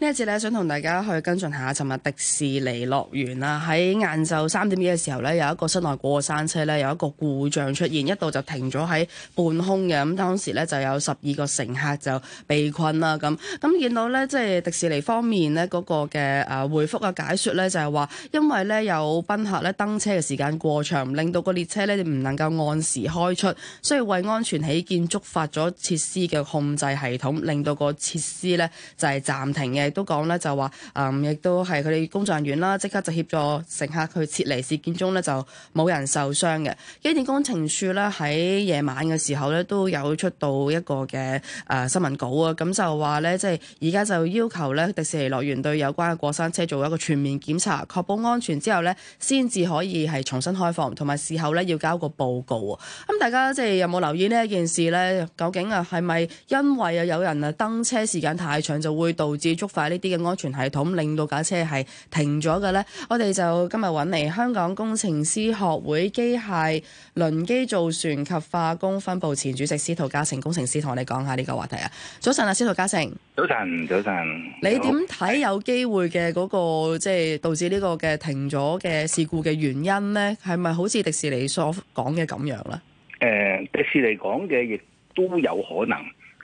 一呢一次咧，想同大家去跟進下，尋日迪士尼樂園啦，喺晏晝三點幾嘅時候咧，有一個室內過山車咧，有一個故障出現，一度就停咗喺半空嘅，咁當時咧就有十二個乘客就被困啦咁。咁見到咧，即係迪士尼方面咧嗰個嘅、誒回覆啊解說咧，就係話因為咧有賓客咧登車嘅時間過長，令到個列車咧唔能夠按時開出，所以為安全起見觸發咗設施嘅控制系統令到個設施咧就係暫停嘅。亦都講咧，就話誒，亦、嗯、都係佢哋工作人員啦，即刻就協助乘客去撤離。事件中呢就冇人受傷嘅。機電工程署呢，喺夜晚嘅時候呢都有出到一個嘅、呃、新聞稿啊，咁就話呢，即係而家就要求呢迪士尼樂園對有關嘅過山車做一個全面檢查，確保安全之後呢，先至可以係重新開放，同埋事後呢要交個報告。咁、嗯、大家即係有冇留意呢一件事呢？究竟啊係咪因為啊有人啊登車時間太長就會導致觸？快呢啲嘅安全系統令到架車係停咗嘅呢，我哋就今日揾嚟香港工程師學會機械輪機造船及化工分部前主席司徒家成工程師同我哋講下呢個話題啊。早晨啊，司徒家成。早晨，早晨。你點睇有機會嘅嗰個即係導致呢個嘅停咗嘅事故嘅原因呢？係咪好似迪士尼所講嘅咁樣呢？誒，迪士尼講嘅亦都有可能，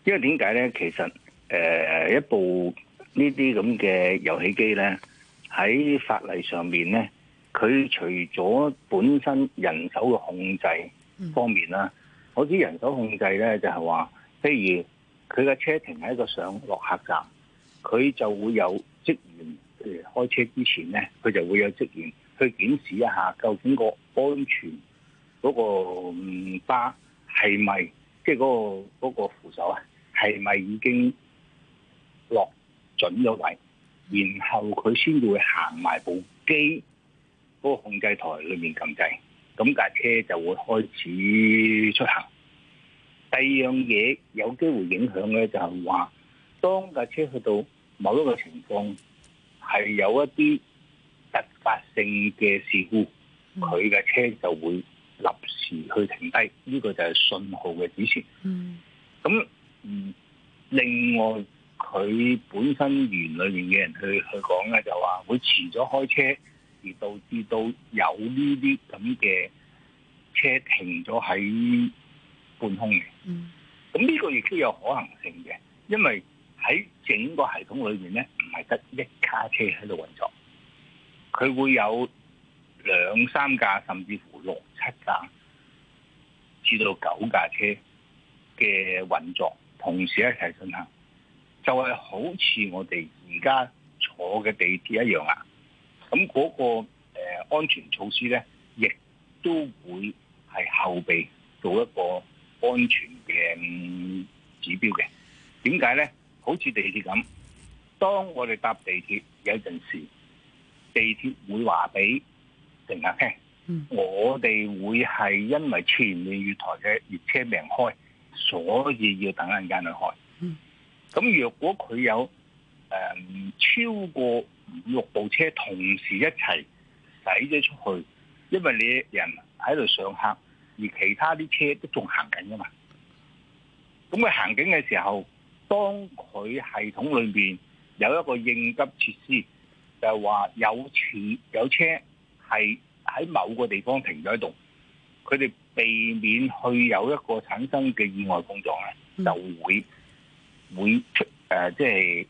因為點解呢？其實誒一部。呢啲咁嘅遊戲機呢，喺法例上面呢，佢除咗本身人手嘅控制方面啦，嗰，嗯，啲人手控制呢就係，是，話，譬如佢嘅車停喺個上落客站，佢就會有職員譬如開車之前呢，佢就會有職員去檢視一下究竟個安全嗰個巴係咪即係嗰個嗰個扶手啊，係咪已經落？準咗位，然後佢先會行埋部機嗰個控制台裏面撳掣，咁架車就會開始出行。第二樣嘢有機會影響咧，就係話當架車去到某一個情況，係有一啲突發性嘅事故，佢嘅車就會立時去停低，呢個就係信號嘅指示。嗯，咁嗯，另外。佢本身園裏面嘅人去去講咧，就話會遲咗開車而導致到有呢啲咁嘅車停咗喺半空嘅。嗯，咁呢個亦都有可能性嘅，因為喺整個系統裏面咧，唔係得一卡車喺度運作，佢會有兩三架，甚至乎六七架至到九架車嘅運作同時一齊進行。就係、是、好似我哋而家坐嘅地鐵一樣啊！咁嗰個安全措施呢，亦都會係後備做一個安全嘅指標嘅。點解呢？好似地鐵咁，當我哋搭地鐵有陣時，地鐵會話俾乘客聽，我哋會係因為前面月台嘅列車未開，所以要等一陣間去開。咁若果佢有誒、嗯、超過六部車同時一齊駛咗出去，因為你人喺度上客，而其他啲車都仲行緊噶嘛。咁佢行緊嘅時候，當佢系統裏邊有一個應急設施，就係、是、話有車有車係喺某個地方停咗喺度，佢哋避免去有一個產生嘅意外碰撞咧，就會。會出、呃、即係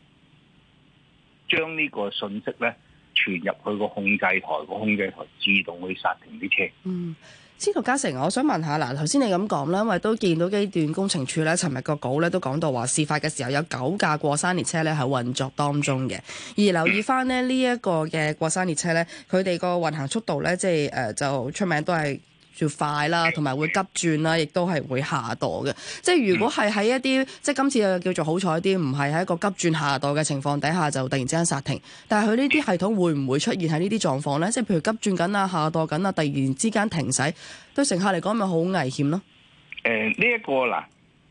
將呢個信息咧傳入去個控制台，個控制台自動去剎停啲車。嗯，司徒家成，我想問下嗱，頭先你咁講啦，因為都見到機電工程處咧，尋日個稿咧都講到話，事發嘅時候有九架過山列車咧喺運作當中嘅，而留意翻咧呢一、呢個嘅過山列車咧，佢哋個運行速度咧，即係誒、呃、就出名都係。要快啦，同埋會急轉啦，亦都係會下墮嘅。即係如果係喺一啲、嗯，即係今次又叫做好彩啲，唔係喺一個急轉下墮嘅情況底下，就突然之間煞停。但係佢呢啲系統會唔會出現喺呢啲狀況呢？即係譬如急轉緊啊、下墮緊啊，突然之間停駛，對乘客嚟講咪好危險咯。誒、呃，呢、這、一個嗱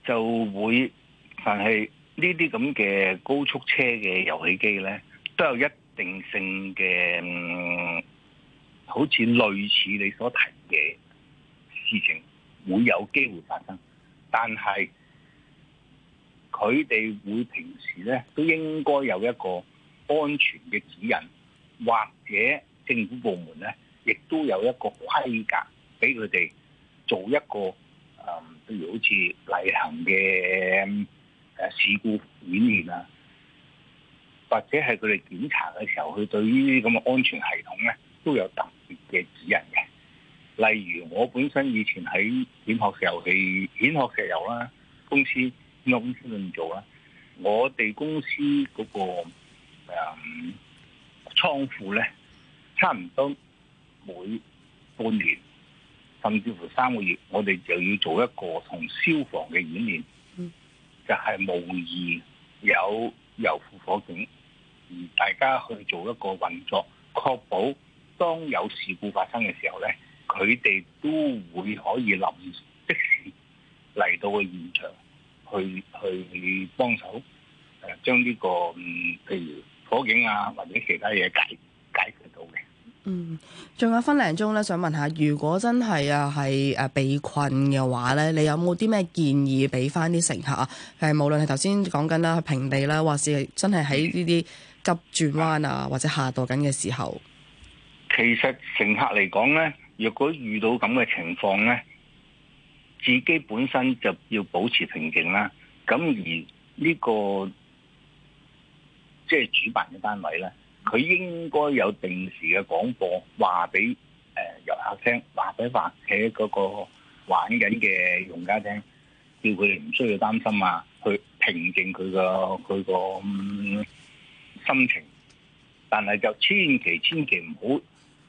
就會，但係呢啲咁嘅高速車嘅遊戲機呢，都有一定性嘅、嗯，好似類似你所提嘅。事情會有機會發生，但係佢哋會平時咧都應該有一個安全嘅指引，或者政府部門咧亦都有一個規格俾佢哋做一個，嗯，譬如好似例行嘅誒事故演練啊，或者係佢哋檢查嘅時候，佢對於呢啲咁嘅安全系統咧都有特別嘅指引嘅。例如我本身以前喺蜆殼石油、蜆殼石油啦公司用公司做啦，我哋公司嗰、嗰個誒倉庫咧，差唔多每半年甚至乎三個月，我哋就要做一個同消防嘅演練，就係模擬有油庫火警，而大家去做一個運作，確保當有事故發生嘅時候咧。佢哋都會可以臨即時嚟到個現場去去幫手，誒、啊、將呢個嗯，譬如火警啊或者其他嘢解解決到嘅。嗯，仲有分零鐘咧，想問下，如果真係啊係誒被困嘅話咧，你有冇啲咩建議俾翻啲乘客啊？誒，無論係頭先講緊啦，平地啦，或是真係喺呢啲急轉彎啊或者下墮緊嘅時候，其實乘客嚟講咧。若果遇到咁嘅情況咧，自己本身就要保持平靜啦。咁而呢個即係主辦嘅單位咧，佢應該有定時嘅廣播話俾誒遊客聽，話俾話喺嗰個玩緊嘅用家聽，叫佢哋唔需要擔心啊，去平靜佢個佢個心情。但係就千祈千祈唔好。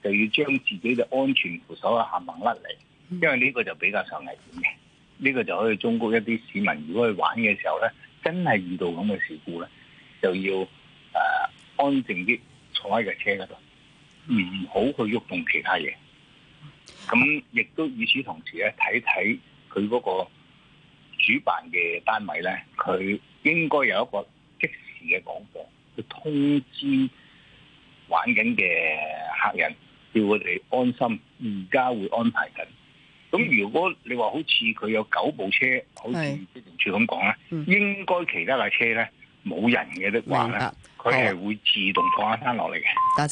就要將自己嘅安全扶手啊，行行甩嚟，因為呢個就比較受危險嘅。呢、呢個就可以忠告一啲市民，如果去玩嘅時候咧，真係遇到咁嘅事故咧，就要誒、呃、安靜啲坐喺架車嗰度，唔好去喐動其他嘢。咁亦都與此同時咧，睇睇佢嗰個主辦嘅單位咧，佢應該有一個即時嘅廣播，去通知玩緊嘅客人。叫我哋安心，而家會安排緊。咁如果你話好似佢有九部車，好似之前處咁講咧，應該其他架車咧冇人嘅的話咧，佢係會自動放下山落嚟嘅。謝謝。